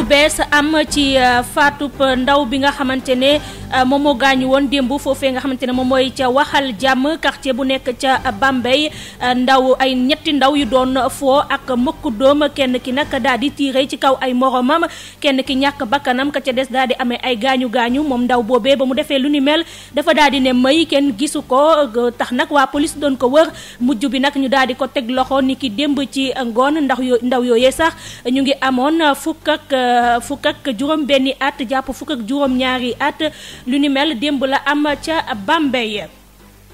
lu bees am ci euh, faatu ndaw bi nga xamante ne euh, moom moo gaañu woon démb foofee nga xamante ne moom mooy ca waxal jàmm quartier bu nekk ca Bambey euh, ndaw ay ñetti ndaw yu doon foo ak mokk doom kenn ki nag daal di tiire ci kaw ay moromam kenn ki ñàkk bakkanam ka ca des daal di amee ay gaañu gaañu moom ndaw boobee ba mu defee lu ni mel dafa daal di ne may kenn gisu ko tax nag waa polis doon ko wër mujj bi nag ñu daal di ko teg loxo ni ki démb ci ngoon ndax ndaw yooyee sax ñu ngi amoon fukk ak Euh, fukk ak juróom benni at jàpp fukk ak juróom ñaari at lu ni mel démb la am ca Bambey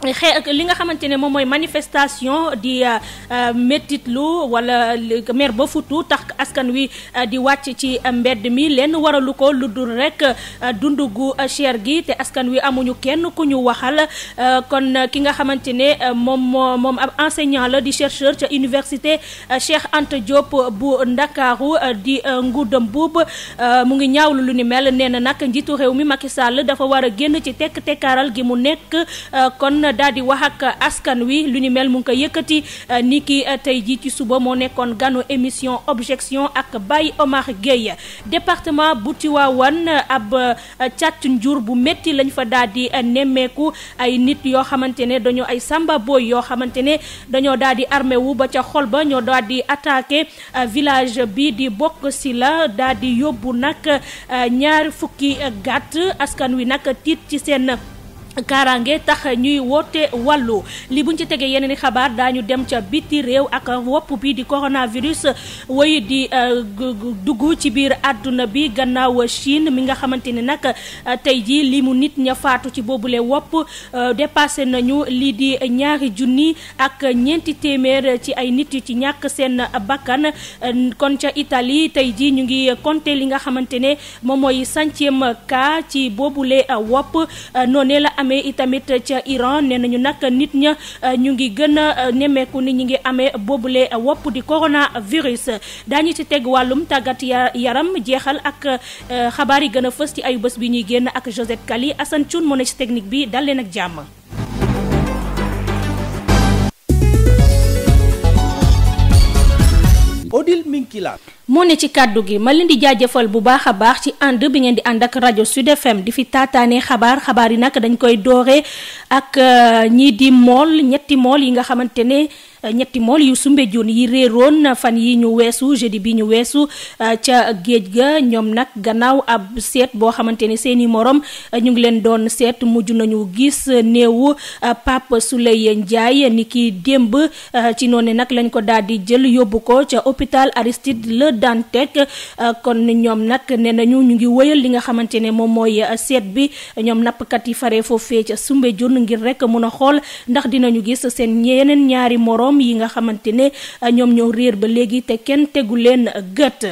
xee ak li nga xamante ne moom mooy manifestation di euh, euh, métitlu wala mer ba futu tax askan wi euh, di wàcc ci mbedd mi lenn waralu ko lu dul rek dund gu cher gi te askan wi amuñu kenn ku ñu waxal kon ki nga xamante ne moom moo moom ab enseignant la di chercheur ca université Cheikh Anta Diop bu Ndakaaru di Ngouda Mboup mu ngi ñaawlu lu ni mel nee na nag njiitu réew mi Macky Sall dafa war a génn ci tekk tekkaaral gi mu nekk kon a daal di wax ak askan wi lu ni mel mu ngi yëkkati euh, niki euh, tey jii ci suba moo nekkoon ganu émission objection ak Baye Omar Gueye département bu Tivaouane ab euh, càcc njur bu métti lañ fa daal di nemmeeku ay nit yoo xamante ne dañoo ay samba booy yoo xamante ne dañoo daal di armé ba ca xol ba ñoo daal di attaqué village bi di bokk si la daal di yóbbu nag ñaari fukki gàtt askan wi nag tiit ci seen kaaraange tax ñuy woote wàllu li buñ ci tegee yeneen i xabaar daañu dem ca biti réew ak wopp bi di coronavirus woy di euh, dugg ci biir àdduna bi gannaaw Chine mi nga xamante ni nag euh, tey jii li mu nit ña faatu ci boobule wopp euh, dépassé nañu lii di ñaari junni ak ñeenti téeméer ci ay nit yu ci ñàkk seen bakkan kon ca Italie tey jii ñu ngi compté li nga xamante ne moom mooy centième cas ci boobule wopp noonee la amee itamit ca Iran nee nañu nag nit ña euh, ñu ngi gën a euh, nemmeeku ni ñu ngi amee boobule wopp di coronavirus daañu ci teg wàllum tàggat yaram jeexal ak euh, xabaar yi gën a fës ci ayu bés bi ñuy génn ak Josette Kali Assane Thioune moo ci technique bi dal leen ak jàmm. moo ne ci kàddu gi ma leen di jaajëfal bu baax a baax ci ànd bi ngeen di ànd ak rajo Sud FM di fi taataane xabaar xabaar yi nag dañ koy doore ak euh, ñii di mool ñetti mool yi nga xamante ne euh, ñetti mool yu Soumbédioune yi réeroon fan yi ñu weesu jeudi bi ñu weesu euh, ca géej ga ñoom nag gannaaw ab seet boo xamante ne seeni morom ñu ngi leen doon seet mujj nañu gis néewu Pape Souleye Ndiaye ni ki démb ci noonu nag lañ ko daal di jël yóbbu ko ca hôpital Aristide Dantec euh, kon ñoom nag nee nañu ñu ngi woyal li nga xamante ne moom mooy euh, seet bi ñoom nappkat yi faree foofee ca Soumbédioune ngir rek mun a xool ndax dinañu gis seen yeneen ñaari moroom yi nga xamante ne euh, ñoom ñoo réer ba léegi te kenn tegu leen gët.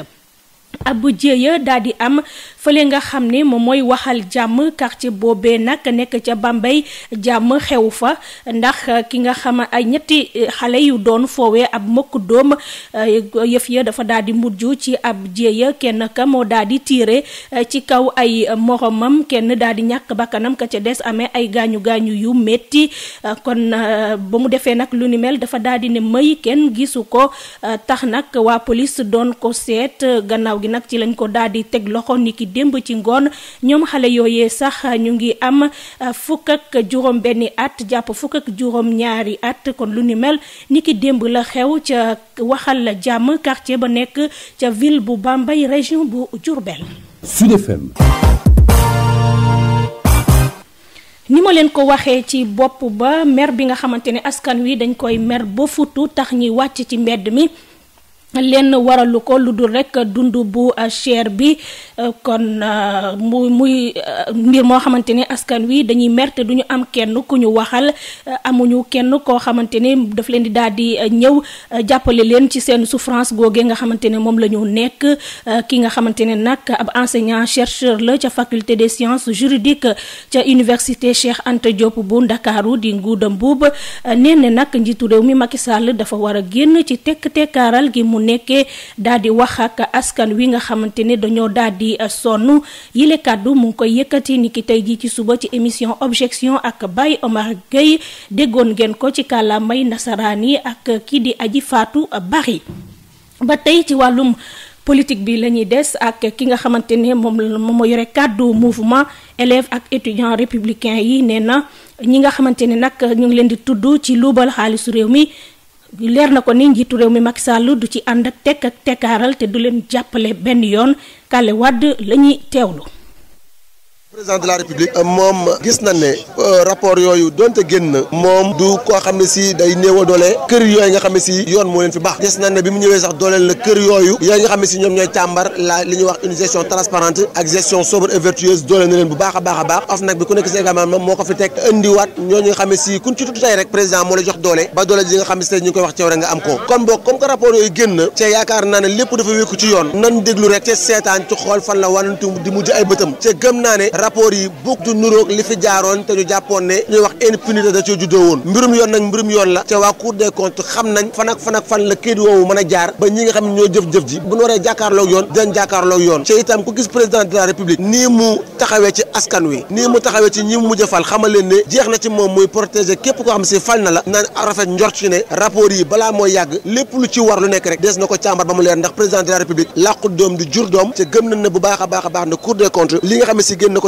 ab jéeya daal am fële nga xam ne moom mooy waxal jàmm quartier boobee nag nekk ca Bambey jàmm xew fa ndax ki nga xam ay ñetti xale yu doon foowee ab mokk doom eh, yëf ya dafa daal di mujj ci ab jéeya kenn ka moo daal di tiire eh, ci kaw ay moromam kenn daal di ñàkk bakkanam ka ca des amee ay gaañu gaañu yu metti eh, kon ba mu defee nag lu ni mel dafa daal di ne may kenn gisu ko tax nag waa polis doon ko seet gannaaw gi nag ci lañ ko daal teg loxo niki démb ci ngoon ñoom xale yooyee sax ñu ngi am euh, fukk ak jàpp ñaari at kon lu ni mel ni ki démb la xew ca waxal jàmm quartier ba nekk ca ville bu Bambey région bu Diourbel. Sud ni ma leen ko waxee ci bopp ba mer bi nga xamante ne askan wi dañ koy mer ba futu tax ñi wàcc ci mbedd mi. lenn waralu ko lu dul rek dund bu euh, cher bi euh, kon mu euh, muy mbir moo xamante ne askan wi dañuy mer te ñu am kenn ku ñu waxal amuñu kenn koo xamante ne daf leen di daal di ñëw jàppale leen ci seen souffrance googee nga xamante ne moom la ñu nekk ki nga xamante ne nag ab enseignant chercheur la ca faculté des sciences juridiques ca université Cheikh ante Diop bu Ndakaaru di Ngouda Mbuub nee na nag njiitu réew mi Macky dafa war a génn ci tekk tekkaaral gi nekkee daal di wax ak askan wi nga xamante ne dañoo daal di eh, sonn yile kàddu mu ngi koy yëkkati ni ki tey jii ci suba ci émission objection ak Baye Omar Gueye déggoon ngeen ko ci kàllaamay nasaraan yi ak kii di aji faatu bari ba tey ci wàllum politique bi lañuy des ak ki nga xamante ne moom moom moo yore kàddu mouvement élèves ak étudiants républicains yi nee na ñi nga xamante ne nag ñu ngi leen di tudd ci luubal xaalisu réew mi leer na ko ni njiitu réew mi Macky Sall du ci ànd ak tekk ak tekkaaral te du leen jàppale benn yoon Kalle Wade la teewlu. président de la république moom gis na ne euh, rapport yooyu donte génn moom du koo xam ne si day néew doole kër yooyu nga xam si yoon moo ko fi teg indiwaat ñooñu nga xam si kuñ ci tudd rek président moo la jox doole ba doole ji nga xam ne si ñu koy wax ceew rek nga am ko kon boog comme que rapport yooyu génn cee yaakaar naa ne lépp dafa wékku ci yoon nan déglu rek ca seetaan ci xool fan la wanantu di mujj ay bëtam ca gëm naa ne rapport yi bokk du nuróog li fi jaaroon te ñu jàppoon ne ñuy wax impunité da ci juddoo woon mbirum yoon nag mbirum yoon la ca waa cour des comptes xam nañ fan ak fan ak fan la woowu mën a jaar ba ñi nga xam ñoo jëf-jëf ji bu ñu waree yoon dinañ jàkkaarloog yoon ci itam ku gis président de la république nii mu taxawee ci askan wi nii mu taxawee ci ñi mu mujj fal xamal ne jeex na ci moom muy protéger képp koo xam si fal na la na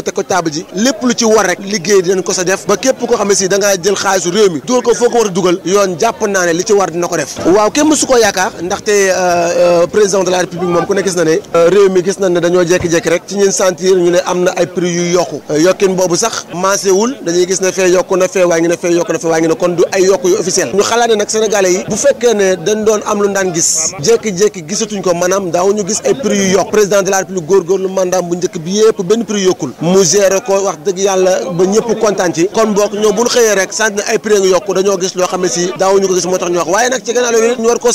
te ko table ji lépp lu ci war rek liggéey dinañ ko sa def ba képp koo xam ne si da ngaa jël xaalisu réew mi dugal ko foo ko war a dugal yoon jàpp naa ne li ci war dina ko def waaw kenn mësu ko yaakaar ndaxte euh, euh, président de la république moom ku ne gis na ne euh, réew mi gis na ne dañoo jekki-jekki rek ci ñeen sentir ñu ne am na ay prix yu yokku yokkin boobu sax maasewul dañuy gis ne fee yokku na fee waa ngi ne fee yokku na fee waa ngi ne kon du ay yokku yu officiel bu fekkee ne dañ doon am lu daan gis jékki gisatuñ ko maanaam daaw ñu gis ay prix yu yokk président la république góorgóorlu mandat njëkk bi yépp benn prix yokkul mu gérer ko wax dëgg yàlla ba ñëpp kontaan ci kon boog ñoom bu ñu xëyee rek sant na ay prix ngi dañoo gis loo xam ne si daawuñu ñu ba ko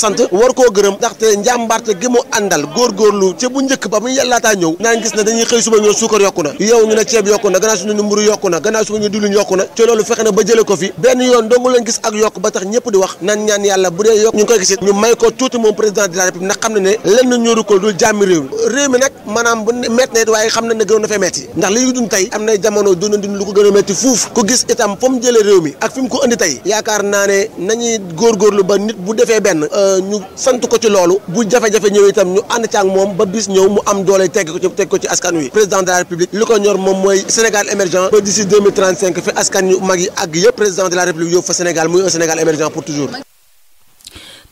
gis ak ñu may ko tuuti moom président de la république ndax xam ne ne lenn ñoru ko dul jàmmi réew réew mi nag maanaam bu met na it waaye xam ne gënoon na fee metti ñuy dund tey am na jamono doon nañ lu ko gën a métti ko gis itam fa mu jëlee réew mi ak fi mu ko andi tey yaakaar naa ne nañuy góorlu ba nit bu defee benn euh, ñu sant ko ci loolu bu jafe-jafe ñëw itam ñu ànd ci ak moom ba bis ñëw mu am doole teg ko ci teg ko askan wi président de la république li ko ñor moom mooy Sénégal émergent ba d'ici 2035 fi askan yu mag yi ak yëpp président de la république yóbbu fa Sénégal muy un Sénégal émergent pour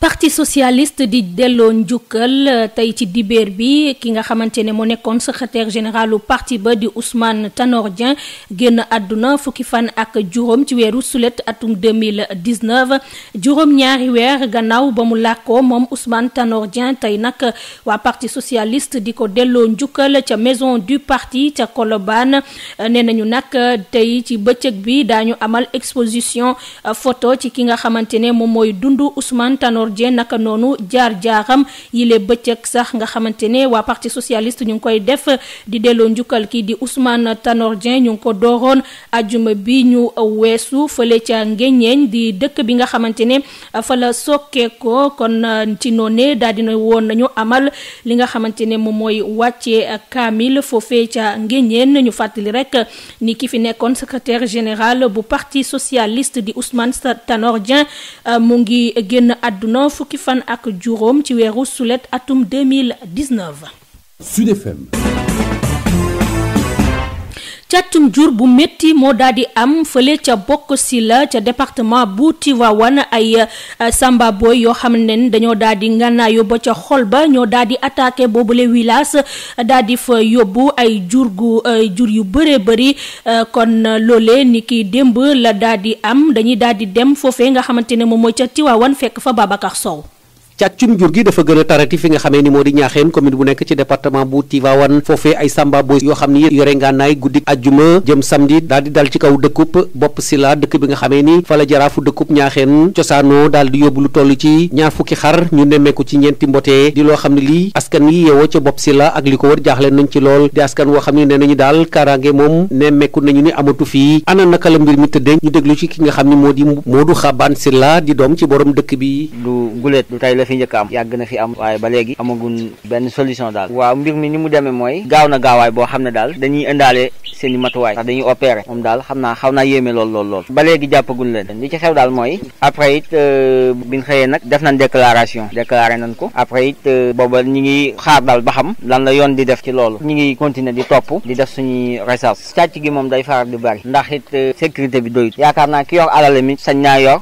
parti socialiste di delloo njukkal euh, tey ci dibeer bi ki nga xamante ne moo nekkoon secrétaire généralu parti ba di Ousmane Tanor Dieng génn àdduna fukki fan ak juróom ci weeru sulet atum 2019 juróom ñaari weer gannaaw ba mu làkkoo moom Ousmane Tanor tey nag waa parti socialiste di ko delloo njukkal ca maison du parti ca Colobane euh, nee nañu nag euh, tey ci bëccëg bi daañu amal exposition photo ci ki nga xamante ne moom mooy dundu Ousmane Tanor Tanor Dieng naka noonu jaar-jaaram yile bëccëg sax nga xamante ne waa parti socialiste ñu ngi koy def di delloo njukkal kii di Ousmane Tanor Dieng ñu ngi ko dooroon ajuma bi ñu weesu fële ca Ngéñeeñ di dëkk bi nga xamante ne fa la sokkee ko kon ci noone daal dina woon nañu amal li nga xamante ne moom mooy wàccee kaamil foofee ca ngéngéen ñu fàttali rek ni ki fi nekkoon secretaire général bu parti socialiste di Ousmane Tanor Dieng mu ngi génn àdduna àdduna fukki fan ak juróom ci weeru sulet atum 2019 Sud FM càccum jur bu métti moo daal di am fële ca bokk si la ca département bu Tivaouane ay eh, samba yoo xam nen dañoo daal di ngànnaayu ba ca xol ba ñoo daal di attaqué boobule wilaas eh, daal di fa yóbbu ay jur gu eh, jur yu bëree bëri kon loole ni ki démb la daal di am dañuy daal di dem foofee nga xamante ne moom mooy ca Tivaouane fekk fa Babacar Sow càccum jur gi dafa gën a tarati fi nga xamee ni moo di ñaaxeen commune bu nekk ci département bu Tivaouane foofee ay samba boy yoo xam ni yore ngànnaay guddi ajjuma jëm samedi daal di dal ci kaw dëkkub bopp si la dëkk bi nga xamee ni fa la jaraafu dëkkub ñaaxeen cosaanoo daal di yóbbu lu toll ci ñaar fukki xar ñu nemmeeku ci ñeenti mbotee loo xam ne lii askan yi yeewoo ca bopp si la ak li ko wër jaaxle nañ ci lool di askan woo xam ne nee nañu daal moom nemmeeku nañu ni amatu fii ana naka la mbir mi tëddee ñu déglu ci ki nga xam ne moo di Modou Xabaan si la di doom ci borom dëkk bi fi njëkk am yàgg na fi am waaye ba léegi amagun benn solution daal waaw mbir mi ni mu demee mooy gaaw na gaawaay boo xam ne daal dañuy indaale seen i matuwaay ndax dañuy opéré moom daal xam naa xaw naa yéeme lool lool lool ba léegi jàppagun leen li ci xew daal mooy après it euh, biñ xëyee nag def nañ déclaration déclaré nañ ko après it euh, booba ñu ngi xaar daal ba xam lan la yoon di def ci loolu ñu ngi continuer di topp di def suñuy recherche càcc gi moom day faral di bari ndax it euh, sécurité bi doyut yaakaar naa ki mi sañ naa yor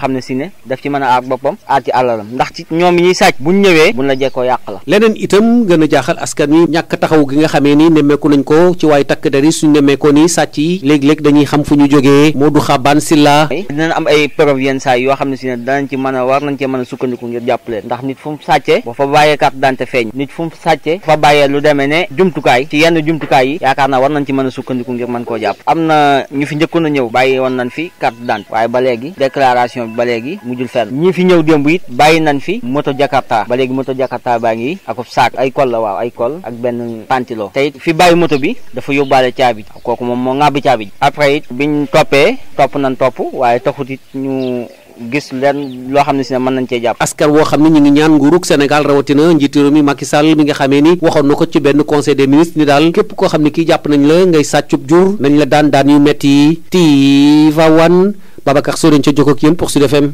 xam ne si ne daf ci a aar ci ñoom yi ñuy sàcc buñ ñëwee buñ la jekkoo yàq la leneen itam gën a jaaxal askan wi ñàkk taxaw gi nga xamee ni nemmeeku nañ ko ci waaye takk dari suñ nemmeekoo ni sàcc yi léeg-léeg dañuy xam fu ñu jógee moo du xabaan si la dinañ am ay preuve yenn saa yoo xam ne si ne danañ ci mën a war nañ ci mën a sukkandiku ngir jàppaleen ndax nit fu mu sàccee ba fa bàyyee carte d'identité feeñ nit fu mu sàccee fa bàyyee lu demee ne jumtukaay ci yenn jumtukaay yi yaakaar naa a a nañ fi moto jakarta ba léegi moto jakarta baa ngi akub saak ay kol la waaw ay kol ak benn pantiloo tey fi bàyyi moto bi dafa yóbbaale caabi kooku moom moo ŋàbbi caabi ji après it biñ ñu gis leen loo xam ne si ne mën nañ cee jàpp askan woo xam ne ñu ngi ñaan nguurug Sénégal rawatina njiitu réew mi Macky Sall mi ni waxoon na ko ci benn conseil des ministres ni daal képp koo xam ne kii jàpp nañ la ngay sàccub jur nañ la daan daan yu metti Tivaouane Babacar Soriñ ca jokkoog yéen pour Sud FM.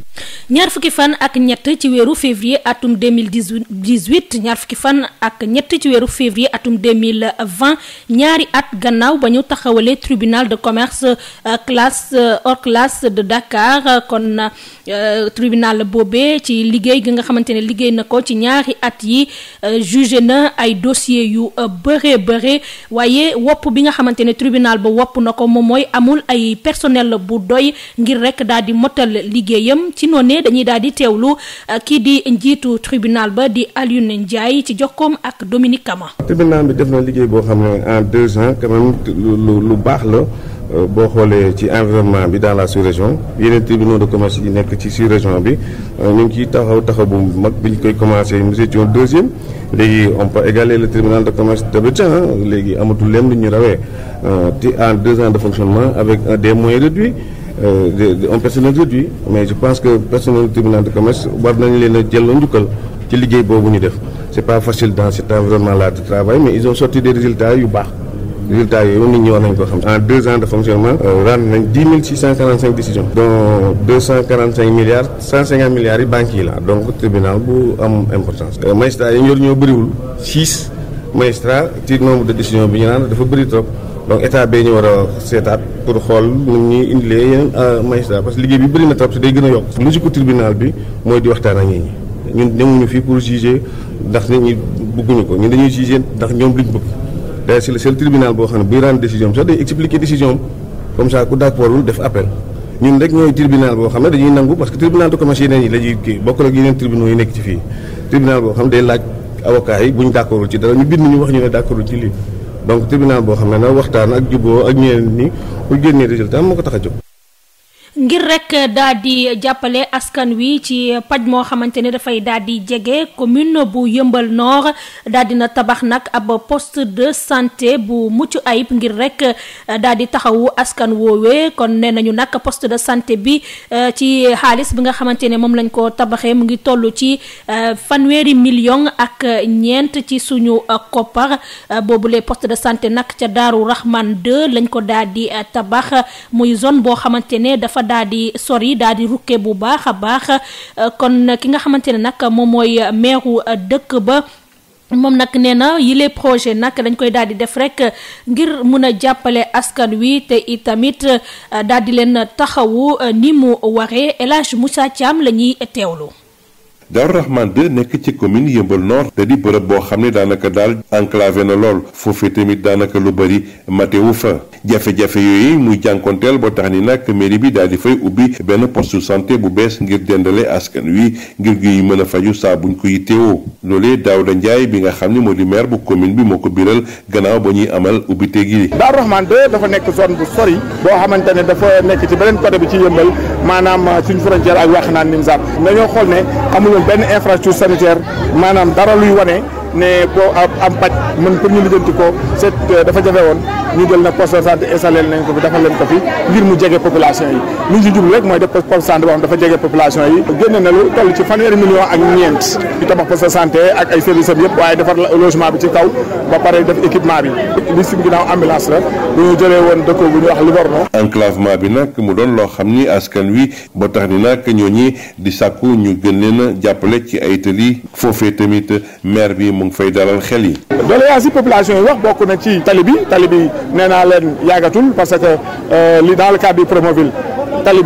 ñaar fukki fan ak ñett ci weeru février atum deux mille dix-huit ñaar ak ñett ci weeru février atum deux mille vingt ñaari at gannaaw ba ñu taxawalee tribunal de commerce euh, classe euh, hors classe de Dakar euh, kon tribunal boobee ci liggéey gi nga xamante ne liggéey na ko ci ñaari at yi jugé na ay dossier yu bëree bëre waaye wopp bi nga xamante ne tribunal ba wopp na ko moom mooy amul ay personnel bu doy ngir. ngir rek daal di motal liggéeyam ci noonee dañuy daal di teewlu eh, kii di njiitu tribunal ba di Alioune Ndiaye ci jokkoom ak Dominique Kama. tribunal bi def na liggéey boo xam ne en deux ans quand même lu lu baax la. Euh, boo xoolee ci environnement bi dans la sous-région yeneen tribunaux de commerce yi nekk ci sous-région bi euh, ñu ngi ciy taxaw taxaw bu mag bi ñu koy commencé nous étions deuxième léegi on peut égaler le tribunal de commerce d'Abidjan léegi amatu lenn lu ñu rawee ci euh, en deux de fonctionnement avec des moyens réduits un euh, personnel réduit mais je pense que personnel tribunal de commerce war nañ leen a njukkal ci liggéey boobu ñu def c'est pas facile dans cet environnement-là de travail mais ils ont sorti des résultats yu baax résultats yooyu nit ñi war nañ ko xam en deux ans de fonctionnement euh, rendre nañ dix mille six cent quarante cinq décisions dont deux cent yi banques yi la donc tribunal bu am importance euh, magistrats yi ñoo bëriwul six magistrats ci nombre bi ñu naan dafa bëri trop donc état bee ñu war a seetaat pour xool nu ñuy indilee yeneen euh, magistrat parce que liggéey bi bëri na trop si day gën a yokk logique tribunal bi mooy di waxtaan ak ñi ñun demuñu fii pour juger ndax nit ñi bëgguñu ko ñun dañuy juger ndax ñoom liñ bëgg d'ailleurs c'est le seul tribunal boo xam ne buy rendre décision sax day expliquer décision comme ça ku d'accordul def appel ñun rek ñooy tribunal boo xam ne dañuy nangu parce que tribunal de commerce yeneen yi la ñu wax ñu ne d'accordul ci lii donc tribunal boo xam ne nag waxtaan ak juboo ak ñeneen ñi pour génnee résultat moo ko tax a jóg. ngir rek daal di jàppale askan wi ci paj moo xamante ne dafay daal di jege commune bu yëmbal noor daal dina tabax nag ab post de santé bu mucc ayib ngir rek eh, daal di taxawu askan woowee kon ne nañu nag poste de santé bi eh, ci xaalis bi nga xamante ne moom lañ ko tabaxee mu ngi tollu ci eh, fanweeri million ak ñeent ci suñu koppar boobule poste de santé nag ca Daaru Rahman 2 lañ ko daal di tabax muy zone boo xamante ne dafa daal di sori daal di rukke bu baax a baax kon ki nga xamante ne nag moom mooy meeru dëkk ba. moom nag nee na yile projet nag dañ koy daal di def rek ngir mun a jàppale askan wi te itamit daal di leen taxawu ni mu waree El Hadj Moussa Thiam la ñuy teewlu. Daaru Rahman 2 nekk ci commune yëmbal Nord te di bërëb boo xam ne daanaka daal enclavé na lool foofee tamit daanaka lu bëri wu fa jafe-jafe yooyu muy jànkoonteel boo tax ni na mairie bi daal di fay ubbi benn poste santé bu bees ngir dendale askan wi ngir gi mën a faju saa buñ ko yittewoo daaw da Ndiaye bi nga xam ni moo di maire bu commune bi moo ko biral gannaaw ba ñuy amal ubbite gi. Daaru Rahman 2 dafa nekk zone bu sori boo xamante ne dafa nekk ci beneen côté bi ci Yeumbeul maanaam euh, suñu frontière ak Wakhinane Nimzatt dañoo xool ne amul benn infrastructure sanitaire maanaam dara luy wane ne boo am paj mën pour ñu lijjanti ko c'est euh, dafa jafe woon ñu jël nag poste de santé installé nañ ko fi dafa leen ko fi ngir mu jege population yi li ñu rek mooy def poste de santé boo xam dafa jege population yi génne na lu toll ci fanweeri million ak ñeent di tabax poste de santé ak ay services am waaye defar logement bi ci kaw ba pare def équipement bi li si ginnaaw ambulance la bu ñu jëlee woon dëkk bu ñu wax Livorno enclavement bi nag mu doon loo xam ni askan wi ba tax ni nag ñooñi di sàkku ñu gën leen jàppale ci ay tali foofee tamit maire bi mu ngi fay dalal xel yi doléance yi population yi bokk na ci tali bi tali bi nee naa leen yàggatul parce que euh, li dans le bi du Promoville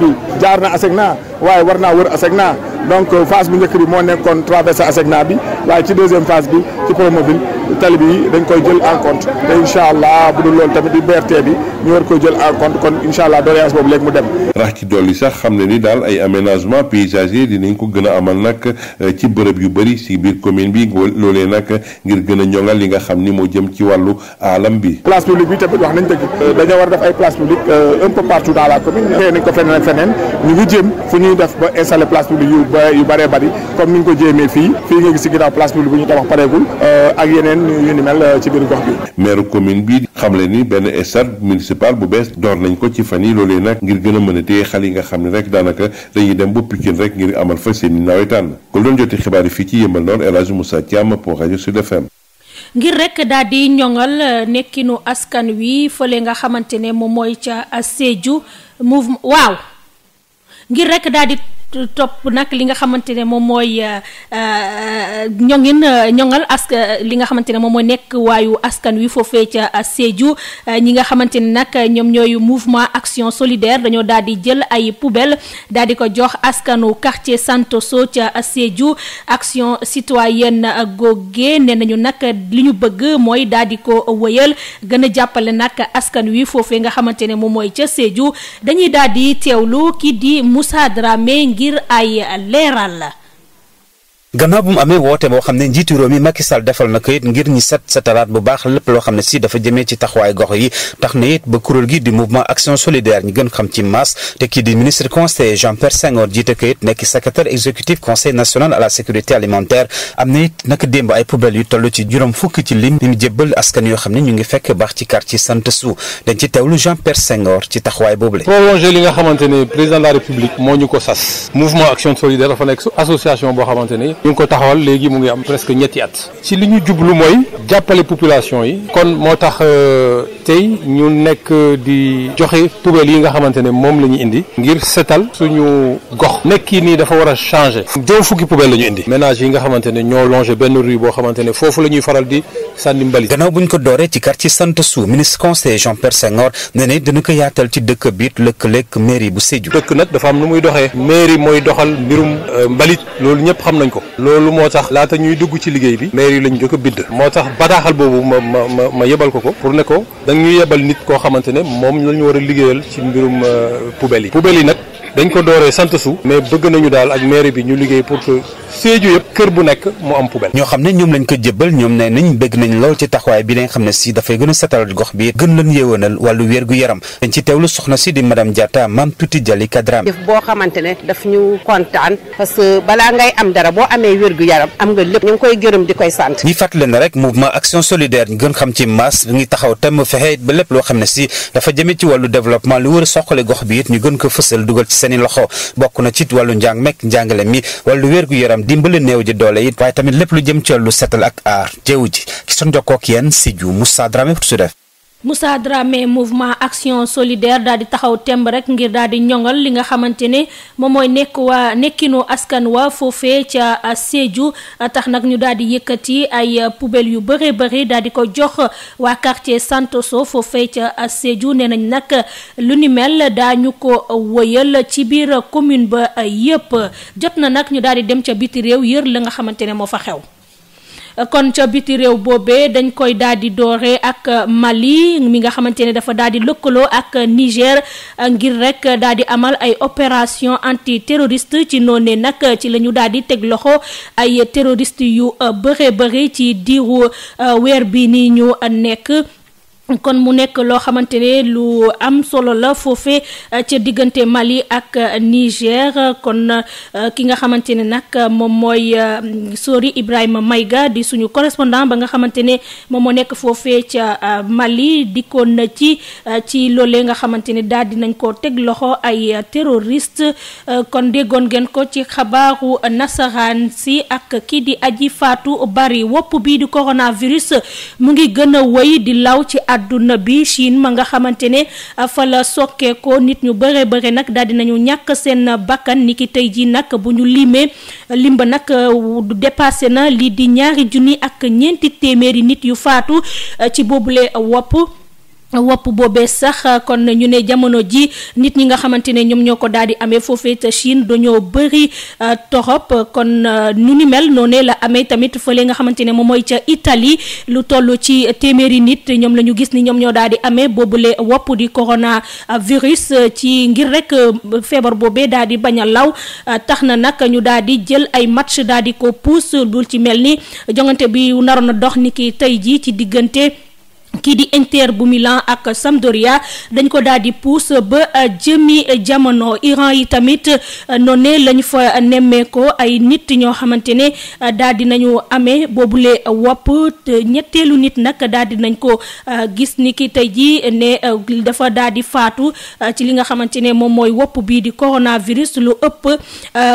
bi jaar na Asegna waaye war naa wër Asegna donc euh, phase bi njëkk bi moo nekkoon traversé Asegna bi waaye ci deuxième phase bi ci Promoville tali bi dañ koy jël en compte te allah bu dul tamit di BRT bi ñu jël en compte kon incha allah doléance boobu léegi mu dem. rax ci dolli sax xam ne ni daal ay aménagement paysager dinañ ko gën amal nag eh, ci bërëb yu bëri si biir commune bi loolee nag ngir gën a ñoŋal li nga xam ni moo jëm ci wàllu alam bi. place publique bi nañ dëgg eh, dañoo war a ay place publique eh, un peu partout dans la commune. xëy ñuy def ba installer place publique yu ba yu bëree bëri comme ni ñu ko jéemee fii fii nga gis si ginnaaw place publique bu ñu tabax pareegul ak yeneen yeneen yu ni mel euh, ci bi. maire commune bi xamle ni benn stade municipal bu bees door nañ ko ci fan yi loolee nag ngir gën a mën a téye xale yi nga xam ne rek daanaka dañuy dem ba Pikine rek ngir amal fa seeni nawetaan ku doon joti xibaar yi fii ci Yeumbeul Nord El Hadj Moussa Thiam pour rajo Sud FM. ngir rek daal di ñoŋal euh, nekkinu askan wi fële nga xamante ne moom mooy ca Sédhiou mouvement waaw ngir rek daal di. topp nag li nga xamante ne moom mooy euh, euh, ñoŋin euh, ñoŋal ask li nga xamante ne moom mooy nekk waayu askan wi foofee ca Sédhiou ñi nga xamante ne nag ñoom ñooy mouvement action solidaire dañoo daal di jël ay poubelle daal di ko jox askanu quartier Santoso ca Sédhiou action citoyenne googee ne nañu nag li ñu bëgg mooy daal di ko wëyal gën a jàppale nag askan wi foofee nga xamante ne moom mooy ca Sédhiou dañuy daal teewlu kii di Moussa Dramé. ngir ay leeral la gannaaw bu mu amee woote boo xam ne njiitu réew mi Macky defal na ko ngir ñi set setalaat bu baax lépp loo ne si dafa jëmee ci taxawaay gox yi tax na it ba kuréel gi di mouvement action solidaire ñu gën xam ci MAS te kii di ministre conseiller Jean Pierre Senghor jiite ko it nekk secrétaire conseil national à la sécurité alimentaire am na it naka démb ay poubelles yu toll ci juróom fukk ci lim ñu jébbal askan yoo xam ne ñu ngi fekk baax ñu ngi ko taxawal léegi mu ngi am presque ñetti at. ci li ñu jublu mooy jàppale population yi. kon moo tax euh, tey ñu nekk di joxe poubelles yi nga xamante ne moom la ñu indi. ngir seetal suñu gox. nekki nii dafa war a changer. juróom fukki poubelles la ñu indi. ménage yi nga xamante ne ñoo longé benn rue boo xamante ne foofu la ñuy faral di sànni mbali. gannaaw bu ko dooree ci quartier Sante Sou ministre conseiller Jean Pierre Senghor ne ne dina ko yaatal ci dëkk biit lëkkaleeg mairie bu Sédhiou. dëkk nag dafa am nu muy doxee. mairie mooy doxal mbirum euh, mbalit loolu ñëpp xam nañ ko. loolu moo tax laata ñuy dugg ci liggéey bi maire yi lañ jëkk a bind moo tax bataaxal boobu ma ma ma ma yebal ko ko pour ne ko da ñuy yebal nit koo xamante ne moom la ñu war liggéeyal ci mbirum euh, poubelle yi poubelle yi nag dañ ko dooree sant su mais bëgg nañu daal ak maire bi ñu liggéey pour que Sédhiou yëpp kër bu nekk mu am poubelle. ñoo xam ne ñoom lañ ko jébbal ñoom ne nañ bëgg nañ lool ci taxawaay bi nga xam ne si dafay gën a setal gox bi gën leen yéewanal wàllu wér gu yaram dañ ci teewlu soxna si di madame Diatta maam tuuti Jali Kadram. jëf boo xamante ne daf ñu kontaan parce que balaa ngay am dara boo amee wér gu yaram am nga lépp ñu ngi koy gërëm di koy sant. ñi fàttali ne rek mouvement action solidaire ñu gën xam ci masse ngi taxaw temm fexe ba lépp loo xam ne si dafa jëme ci wàllu développement lu wër soxale gox bi it ñu gën ko fësal dugal ci seeni loxo bokk na ci wàllu njàng mekk njàngale mi wàllu wér yaram itam dimbali néew ji doole it waaye tamit lépp lu jëm ci lu setal ak aar jéew ji ki son jokkoo si yéen Sidiou Moussa Dramé su def Moussa Dramé mouvement action solidaire daal di taxaw temb rek ngir daal di ñoŋal li nga xamante ne moom mooy nekk waa nekkinu askan wa foofee ca Sédhiou tax nag ñu daal di yëkkati ay poubelles yu bëree bëri daal di ko jox waa quartier Santoso foofee ca Sédhiou nee nañ nag lu ni mel daañu ko wëyal ci biir commune ba yëpp jot na nag ñu daal di dem ca biti réew yër la nga xamante ne moo fa xew. kon ca biti réew boobee dañ koy daal di doore ak euh, Mali mi nga xamante ne dafa daal di lëkkaloo ak euh, Niger euh, ngir rek daal di amal ay opération anti terroriste ci noonee nag ci la ñu daal di teg loxo ay terroriste yu bëre bëri ci diiru weer bi ni ñu nekk. kon mu nekk loo xamante ne lu am solo la foofe eh, ca diggante Mali ak eh, Niger kon eh, ki nga xamante ne nag moom mooy Sori Ibrahima Maïga di suñu correspondant ba nga xamante ne moom moo nekk foofee ca Mali dikkoon na ci ci loolee nga xamante ne daal dinañ ko teg loxo ay terroriste kon déggoon ngeen ko ci xabaaru nasaraan si ak kii di aji faatu bari wopp bii di coronavirus mu ngi gën a di law ci àdduna àdduna bi Chine ma nga xamante ne ah, fa la sokkeekoo nit ñu bare bare nag daal nañu ñàkk seen bakkan ni ki tey ji nag bu ñu limee limba nag euh, dépassé na lii di ñaari junni ak ñeenti téeméeri nit yu faatu ah, ci boobule wopp wopp boobee sax kon ñu ne jamono ji nit ñi nga xamante ne ñoom ñoo ko daal di amee foofee te Chine dañoo bëri euh, torop kon euh, nu ni mel noonee la amee tamit fële nga xamante ne moom mooy ca Italie lu toll ci téeméeri nit ñoom la ñu gis ni ñoom ñoo daal di amee boobule wopp di coronavirus ci ngir rek euh, feebar boobee daal di bañ a law tax na nag ñu daal di jël ay match daal di ko puus bul ci mel ni jongante bi naroon a dox ni ki tey jii ci diggante. kii di Inter bu Milan ak Sampdoria dañ ko daal di puus ba euh, jëmi jamono Iran yi tamit euh, noonu lañ fa nemmeekoo ay nit ñoo xamante ne euh, daal di nañu amee boobule ñetteelu nit nag daal di nañ ko gis ni ki tey jii ne dafa daal di faatu ci li nga xamante ne moom mooy wopp bii di coronavirus lu ëpp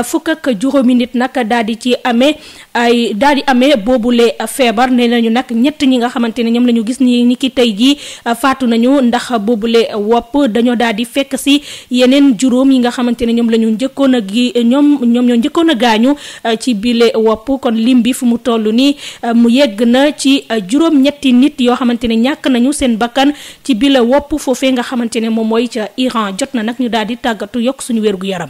fukk ak juróomi nit nag daal di ci amee ay daal di amee boobule feebar nee nañu nag ñett ñi nga xamante ne ñoom la gis nii. ni ki tey jii faatu nañu ndax boobule wopp dañoo daal di fekk si yeneen juróom yi nga xamante ne ñoom la ñu njëkkoon a gi ñoom ñoom ñoo njëkkoon a gaañu ci bile wopp kon lim bi fu mu toll nii mu yegg na ci juróom-ñetti nit yoo xamante ne ñàkk nañu seen bakkan ci bile wopp foofee nga xamante ne moom mooy ca Iran jot na nag ñu daal di tàggatu yokk suñu wér yaram.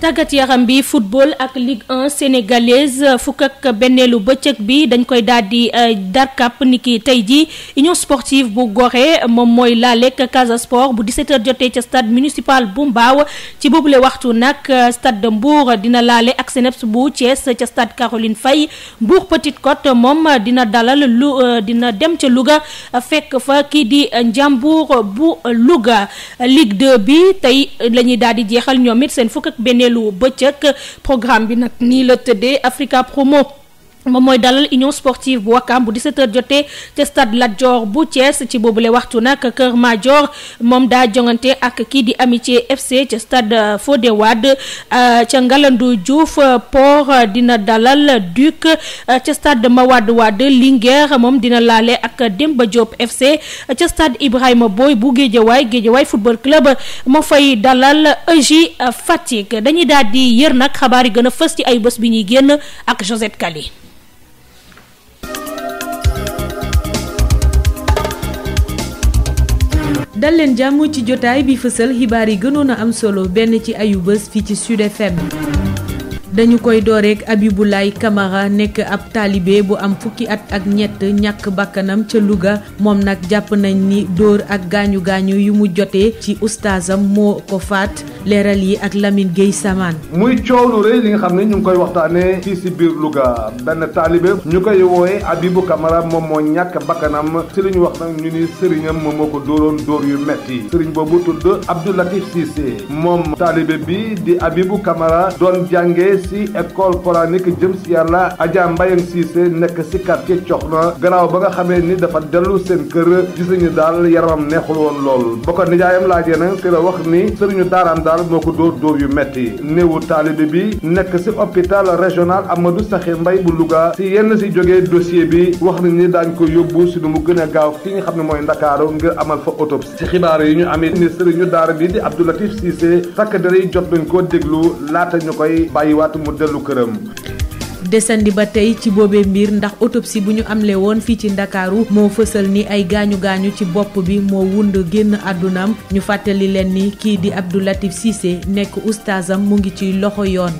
tàggat yaram bi football ak Ligue 1 sénégalaise euh, fukk ak benneelu bëccëg bi dañ koy daal di euh, darkap ni ki tey jii union sportive bu Gorée moom mooy laalek Casa Sport bu 17 jotee ca stade municipal bu Mbaaw ci boobule waxtu nag euh, stade de dina laale ak CNEPS bu Thiès ca stade Caroline Faye Mbour Petite Côte moom dina dalal lu dina dem ca Louga fekk fa kii di Ndiambour bu Louga Ligue 2 bi tey la ñuy daal di jeexal ñoom it seen fukk ak benneelu ñetteelu bëccëg programme bi nag nii la tëddee Africa Promo moom mooy dalal union sportive bu Wakam bu 17h jotee ca stade Lat Dior bu Thiès ci boobule waxtu nag Kër Madior moom daa jongante ak kii di Amitié FC ca stade Fodé Wade euh, ca Ngalandou Diouf euh, Port euh, dina dalal Duc ca stade wadd wadd Linguère moom dina laale ak Demba Diop FC ca stade Ibrahima Boy bu Guédiawaye Guédiawaye football club moo fay dalal EJ Fatick dañuy daal di yër nag xabaar yi gën a fës ci ay bés bi ñuy génn ak Josette Kali dal leen jàmm ci jotaay bi fësal xibaar yi gënoon a am solo benn ci ayu bés fii ci sude FM dañu koy dooreek Abiboulaye kamara nekk ab taalibe bu am fukki at ak ñett ñàkk bakkanam ca Louga moom nag jàpp nañ ni dóor ak gaañu gaañu yu mu jotee ci ustaasam moo ko faat leeral yi ak Lamine Gueye Samaan muy coow lu rëy li nga xam ne ñu ngi koy waxtaanee fii si biir Louga benn taalibe ñu koy wooye Abibou Camara moom moo ñàkk bakkanam si li ñu wax nag ñu ni sëriñam moo ko dóoroon dóor yu metti sëriñ boobu tudd Abdoulatif Cissé moom taalibe bi di Abibou Camara doon si école coranique jëm si yàlla Adja Mbayang Cissé nekk si quartier Coxna garaaw ba nga xamee ni dafa dellu seen kër gis nañu daal yaramam neexul woon lool ba nijaayam laajee nag si la wax ni sëriñu daaraam daal moo ko dóor dóor yu metti néewu taalibe bi nekk si hôpital régional Amadou Sakhir mbay bu Louga si yenn si jóge dossier bi wax nañ ni daañ ko yóbbu si lu mu gën gaaw fi nga xam ne mooy Ndakaaru ngir amal fa autopsie si xibaar yi ñu amee ni sëriñu daara bi di Abdoulatif Cissé takk der yi jot nañ koo déglu laata ñu koy laata mu dellu këram. desandi ba tey ci boobee mbir ndax autopsie bu ñu amle woon fii ci ndakaaru moo fësal ni ay gaañu gaañu ci bopp bi moo wund génn àddunaam ñu fàttali leen ni kii di Abdou Latif nekk oustazam mu ngi ci loxo yoon.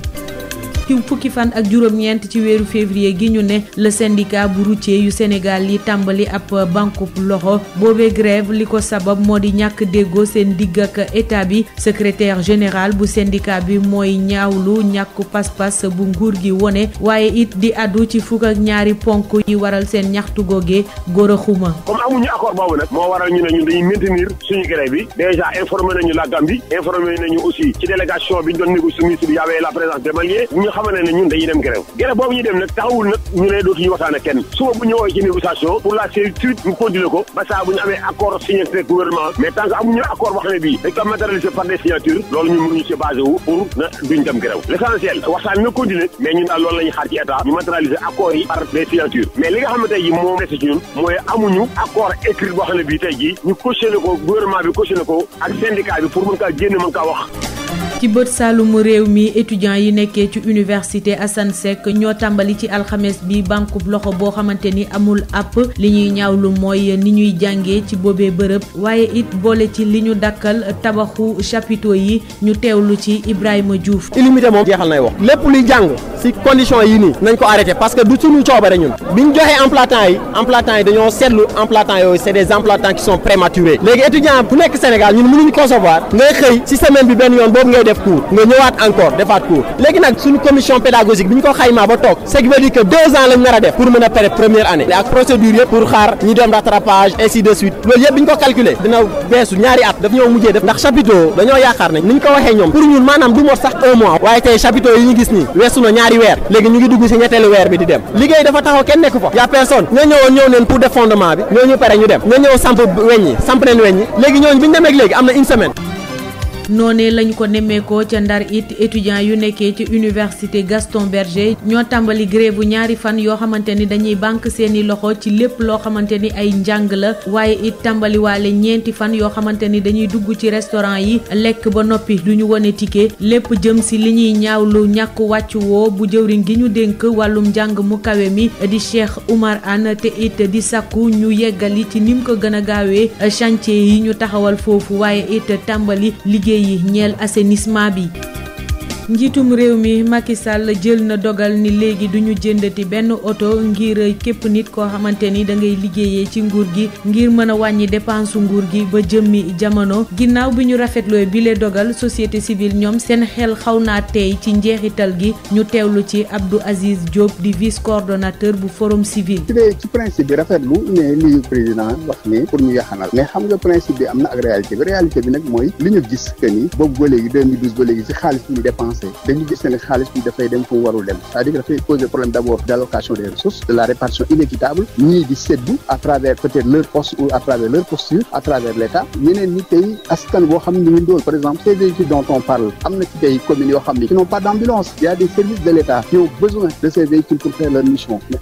ci fukki fan ak juróom-ñeent ci weeru février gi ñu ne le syndicat bu routier yu Sénégal yi tàmbali ab banku loxo boobee grève li ko sabab moo di ñàkk déggoo seen digg ak état bi secrétaire général bu syndicat bi mooy ñaawlu ñàkku pas-pas bu nguur gi wone waaye it di addu ci fukk ñaari ponk yi waral seen ñaxtu googe góor a xuma xamal ne ñun dañuy dem grève grève boobu ñuy dem nag taxawul nag ñu ne dootuñu waxtaan ak kenn suba bu ñu woowee ci négociation pour la série suite continuer ko ba bu ñu amee accord signé gouvernement mais tant que amuñu accord wax ne bii dañ duñ dem grève l' essentiel na continuer mais ñun daal loolu la ñuy xaar ñu matérialiser accords yi par des signatures mais li nga xam ne tey ji moo des ñun mooy amuñu accord écrit boo xam ne bii tey ci bët saalumu réew mi étudiants yi nekkee ci université Assane Seck ñoo tàmbali ci alxames bi bànkub loxo boo xamante ni amul app li ñuy lu mooy ni ñuy jàngee ci boobee bërëb waaye it boole ci li ñu dakkal tabaxu chapito yi ñu teew lu ci Ibrahima Diouf. illimité moom jeexal nay wax lépp luy jàng si condition yi nii nañ ko arrêté parce que du suñu coobare ñun biñ joxee emploi temps yi emploi temps yi dañoo seetlu emploi yooyu c'est des emploi temps qui sont prématurés def cours nga ñëwaat encore defaat cours léegi nag suñu commission pédagogique bi ñu ko xaymaa ba toog ce qui veut deux ans lañ nar a def pour mën a pare première année ak procédure yëpp pour xaar ñi dem rattrapage ainsi de suite loolu yëpp bi ñu ko calculer dina beesu ñaari at daf ñoo mujjee def ndax chapiteau dañoo yaakaar nañ ni ñu ko waxee ñoom pour ñun maanaam du mot sax un mois waaye tey chapiteau yi ñu gis nii weesu na ñaari weer léegi noonee lañu ko nemmeekoo ca ndar it étudiants yu nekkee ci université Gaston Berger ñoo tàmbali bu ñaari fan yoo xamante ni dañuy banque seeni loxo ci lépp loo xamante ni ay njàng la waaye it tàmbaliwaale ñeenti fan yoo xamante ni dañuy dugg ci restaurant yi lekk ba noppi lu ñu wone ticket lépp jëm si li ñuy ñaawlu ñàkk wàcc woo bu jëwriñ gi ñu dénk wàllum njàng mu kawe mi di Cheikh Oumar Anne te it di sàkku ñu yeggali ci nim ko gën a gaawee chantier yi ñu taxawal foofu waaye tàmbali liggéey yi ñeel assainissement bi njiitum réew mi Macky Sall jël na dogal ni léegi duñu ti benn oto ngir képp nit koo xamante ni da ngay liggéeyee ci nguur gi ngir mën a wàññi dépense nguur gi ba jëmmi jamono ginnaaw bi ñu rafetloo bile dogal société civile ñoom seen xel xaw naa tey ci njeexital gi ñu teewlu ci Abdou Aziz Diop di vice coordonnateur bu forum civil. su dee ci principe bi rafet rafetlu ne li président wax ni pour ñu yaxanal mais xam nga principe bi am na ak réalité bi réalité mooy li ñu gis que passé dañu gis ne xaalis bi dafay dem fu warul dem c'est-à-dire dafay poser problème d' abord des ressources de la répartition inéquitable ñii di séddu à travers peut leur poste ou travers leur posture à travers l' état ñeneen ñi tey askan boo xam ne ñu par exemple ces véhicules dont on parle am na ci tey communes yoo xam ne qui n'ont pas d' ambulance des services de l' qui ont besoin de ces véhicules pour faire leur mission mais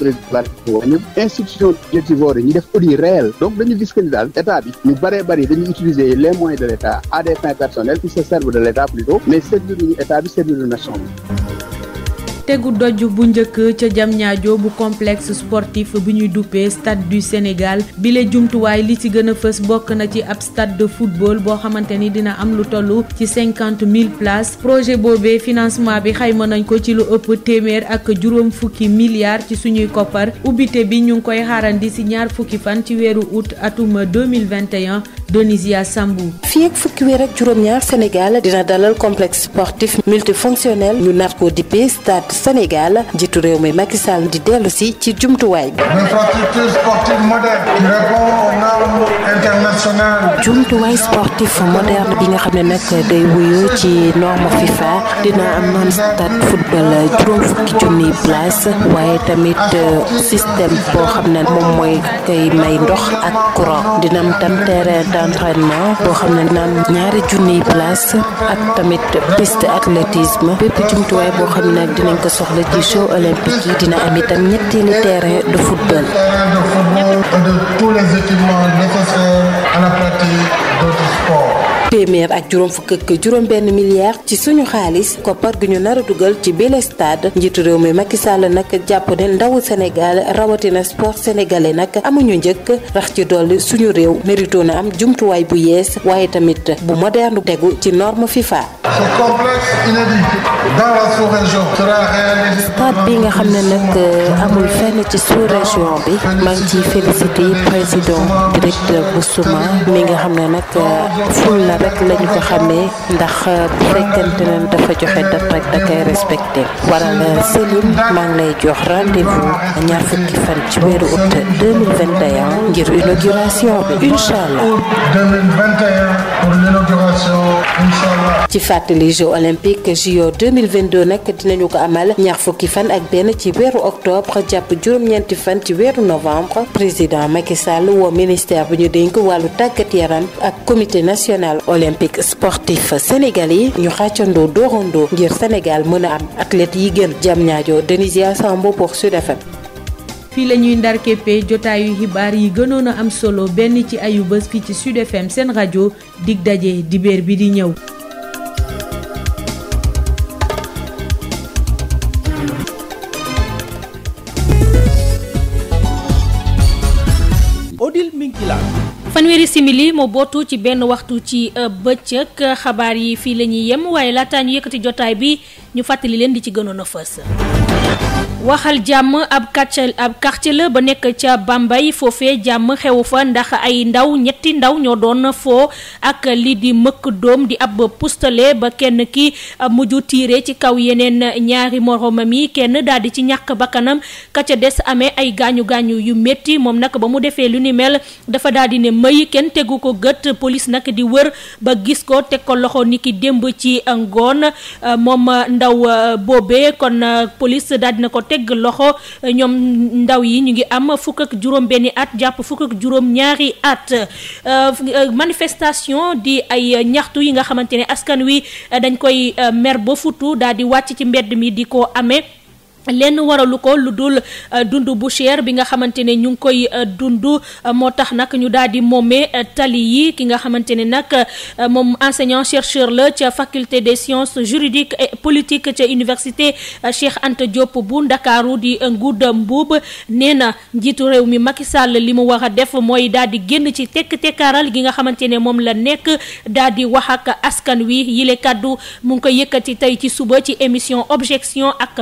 président de la République institution budgétivore yi ñu def audit réel donc dañu gis que ni daal état bi ñu bëree bëri dañuy utiliser les moyens de l' à des fins personnelles qui de l' état plutôt mais servir ñu état tegu doj bu njëkk ca jam ñaajo bu complexe sportif bi ñuy duppee stade du Sénégal bile jumtuwaay li ci gën a fës bokk na ci ab stade de football boo xamante ni dina am lu toll ci cinquante mille places projet boobee financement bi xayma nañ ko ci lu ëpp téeméer ak juróom fukki milliards ci suñuy koppar ubbite bi ñu ngi koy di ci ñaar fukki fan ci weeru août atum deux mille vingt et Donisia Sambou. fii ak fukki weer ak juróom-ñaar Sénégal dina dalal complexe sportif multifonctionnel ñu nar ko dippe stade Sénégal njiitu réew mi Macky Sall di dellusi ci jumtuwaay bi. infrastructure sportif moderne bi nga xam ne nag day wuyu ci norme FIFA dina am naan stade football juróom fukki junniy place waaye tamit euh, système boo xam ne moom mooy koy may ndox ak courant dina am tam d'entraînement boo xam ne naan ñaari junniy place ak tamit piste athlétisme bépp jumtuwaay boo xam ne dinañ ko soxla ci jeux olympiques yi dina am itam ñetteelu terrain de football. de tous les équipements nécessaires à téeméer ak juróom fukk ak juróom benn milliard ci suñu xaalis koppar gi ñu nar ci bile stade njiitu réew mi Macky Sall nag jàpp ne ndawu Sénégal rawatina sport sénégalais nag amuñu njëkk rax ci dolli suñu réew mérito na am jumtuwaay bu yees waaye tamit bu moderne tegu ci norme FIFA. Ce complexe bi nga xam ne nag amul fenn ci sous-région bi maa ngi félicité président directeur bu mi nga xam ne nag ful la rek lañu ko xamee ndax bu fekkente ne dafa joxe date rek da koy respecté waral euh, Céline maa lay jox rendez-vous ñaar fukki fan ci weeru août 2021 ngir inauguration bi incha allah. fédération incha allah. ci fàttali jeux olympiques JO 2022 nag dinañu ko amal ñaar fukki fan ak benn ci weeru octobre jàpp juróom-ñeenti fan ci weeru novembre président Macky Sall woo ministère bu ñu dénk wàllu tàggat yaram ak comité national olympique sportif sénégal yi ñu xàccandoo doorandoo ngir Sénégal mën a am athlètes yi gën jam ñaajo Denisia Sambo pour Sud FM. fii la ndar keppe jotaayu xibaar yi gënoon a am solo benn ci ayu bés fii ci seen rajo dig daje dibéer bi di ñëw. fanweeri simili moo bootu ci benn waxtu ci euh, bëccëg xabaar yi fii lañuy ñuy yem waaye laataa ñu yëkkati jotaay bi ñu fàttali leen di ci gënoon a waxal jàmm ab quartier ab quartier la ba nekk ca Bambey foofe jàmm xewu fa ndax ay ndaw ñetti ndaw ñoo doon foo ak lii di mëkk doom di ab pustale ba kenn ki mujj tiire ci kaw yeneen ñaari moromam yi kenn daal di ci ñàkk bakkanam ka ca des amee ay gaañu gaañu yu métti moom nag ba mu defee lu ni mel dafa daal ne may kenn tegu ko gët police nag di wër ba gis ko teg ko loxo ni ki démb ci ngoon moom ndaw boobee kon police daldi na ko. teg loxo ñoom ndaw yi ñu ngi am fukk ak juróom benni at jàpp fukk ak juróom ñaari at euh, euh, manifestation di ay ñaxtu yi nga xamante ni askan wi dañ koy euh, mer ba futu daal di wàcc ci mbedd mi di ko amee lenn waralu ko lu dul euh, dund bu cher bi nga xamante ne ñu ngi koy euh, dund euh, moo tax nag ñu daal di moomee tali yi ki nga xamante ne nag moom enseignant chercheur la ca faculté des sciences juridiques et politiques ca université Cheikh ante Diop bu Ndakaaru di Ngouda Mbuub nee na njiitu réew mi Macky Sall li mu war a def mooy daal di génn ci tekk tekkaaral gi nga xamante ne moom la nekk daal di wax ak askan wi yile kàddu mu ngi koy yëkkati tey ci suba ci émission objection ak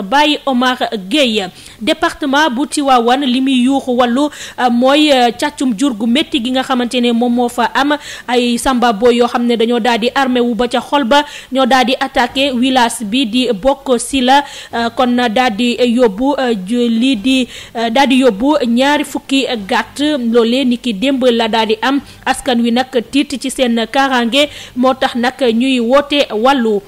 Omar Gueye département bu Tivaouane li muy yuuxu wallu euh, mooy euh, càccum jur gu métti gi nga xamante ne moom moo fa am ay sambabo yoo xam ne dañoo daal di armé wu ba ca xol ba ñoo daal di attaqué village bi di bokk si la euh, kon daal di yóbbu lii di daal di yóbbu ñaari fukki gàtt loolee ni ki démb la daal di am askan wi nag tiit ci seen kaaraange moo tax nag ñuy woote wàllu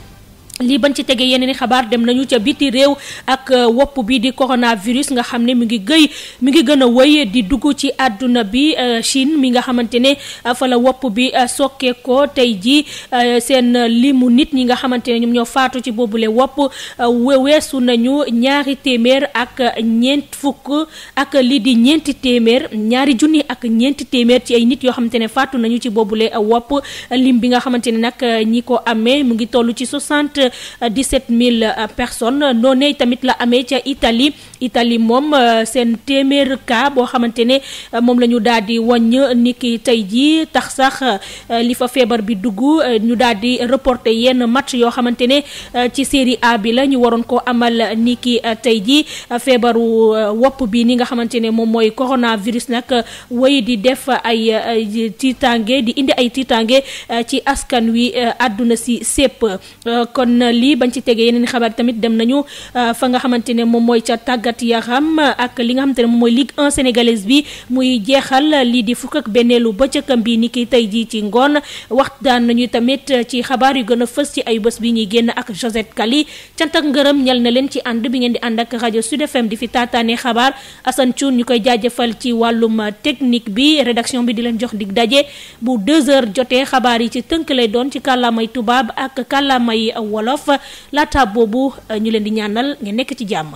lii bañ ci tegee yeneen i xabaar dem nañu ca biti réew ak euh, wopp bi di coronavirus nga xam ne mu ngi gëy mi ngi gën a wëy di dugg ci àdduna bi euh, Chine mi nga xamante ne euh, fa wopp bi sokkee tey jii seen limu nit ñi nga xamante ne ñoom ñoo faatu ci boobule wopp weesu nañu ñaari téeméer ak ñeent fukk ak lii di ñeenti téeméer ñaari junni ak ñeenti téeméer ci nit yoo xamante ne faatu nañu ci boobule wopp lim bi nga xamante ne nag ñi ko amee mu ngi toll ci 60 17000 euh, personnes noonee tamit la amee ca Italie itali moom euh, seen téeméer cas boo xamante ne euh, moom la ñu daal di wàññ ni tey jii tax sax li fa feebar bi dugg ñu daal di reporter yenn match yoo xamante ne ci série A bi la ñu waroon ko amal ni tey jii feebaru wopp bi ni nga xamante ne moom mooy coronavirus nag woy di def ay tiitange di indi ay tiitange ci askan wi àdduna si sépp kon lii bañ ci tegee yeneen xabaar tamit dem nañu euh, fa nga xamante ne moom mooy ca tàggat yaram ak li nga xamante ne moom mooy Ligue en sénégalaise bi muy jeexal lii di fukk ak benneelu bëccëkam bi ni ki tey jii ci ngoon waxtaan nañu tamit ci xabaar yu gën a fës ci ay bés bi ñuy génn ak Josette Kali cant ak ngërëm ñal na leen ci ànd bi ngeen di ànd ak rajo Sud FM di fi taataane xabaar Assane Thioune ñu koy jaajëfal ci wàllum technique bi rédaction bi di leen jox dig daje bu deux heures jotee xabaar yi ci tënk lay doon ci kàllaamay tubaab ak kàllaamay wolof wolof laata boobu ñu leen di ñaanal ngeen nekk ci jàmm.